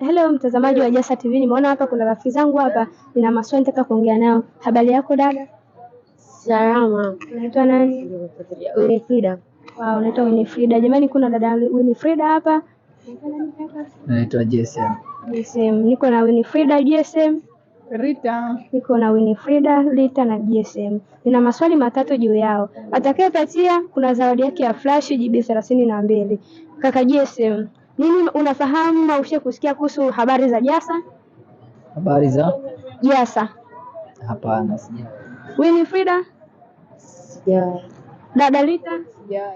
Hello mtazamaji wa Jasa TV, nimeona hapa kuna rafiki zangu hapa, nina maswali nataka kuongea nao. Habari yako dada? Salama. Unaitwa nani? Winifrida. Wow, unaitwa Winifrida. Jamani, kuna dada Winifrida hapa. Naitwa JSM. JSM. Niko na Winifrida JSM. Rita. Niko na Winifrida, Rita na JSM. Nina maswali matatu juu yao. Atakayepatia kuna zawadi yake ya flash GB thelathini na mbili. Kaka JSM, nini unafahamu na ushe kusikia kuhusu habari za Jasa? Habari za Jasa? Hapana, sija. Winifrida? Sija. Dada Lita? Sija.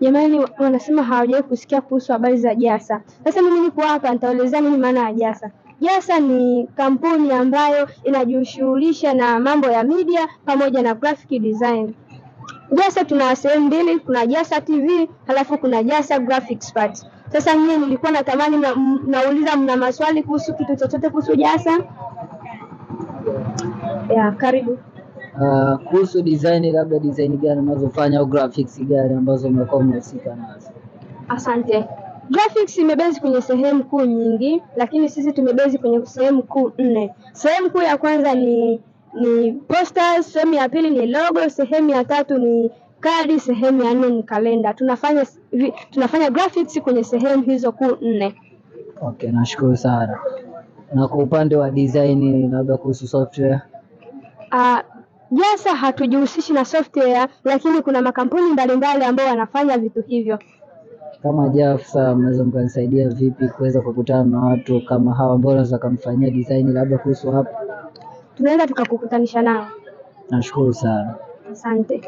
Jamani, wanasema hawajawahi kusikia kuhusu habari za Jasa. Sasa mimi niko hapa nitaelezea nini maana ya Jasa. Jasa ni kampuni ambayo inajishughulisha na mambo ya media pamoja na graphic design. Jasa tuna sehemu mbili, kuna Jasa TV halafu kuna Jasa Graphics Part. Sasa mimi nilikuwa natamani nauliza, mna maswali kuhusu kitu chochote kuhusu Jasa? Ya, karibu. Uh, kuhusu design, labda design gani unazofanya au graphics gani ambazo umekuwa umehusika nazo? Asante. Graphics imebezi kwenye sehemu kuu nyingi, lakini sisi tumebezi kwenye sehemu kuu nne. Sehemu kuu ya kwanza ni ni posters, sehemu ya pili ni logo, sehemu ya tatu ni kadi, sehemu ya nne ni kalenda. Tunafanya tunafanya graphics kwenye sehemu hizo kuu nne. Okay, nashukuru sana. Na kwa upande wa design, labda kuhusu software uh, ah, Jasa hatujihusishi na software, lakini kuna makampuni mbalimbali ambayo wanafanya vitu hivyo. Kama Jafsa, mnaweza mkanisaidia vipi kuweza kukutana na watu kama hawa ambao wanaweza kumfanyia design labda kuhusu hapo? tunaweza tukakukutanisha nao. Nashukuru sana, asante.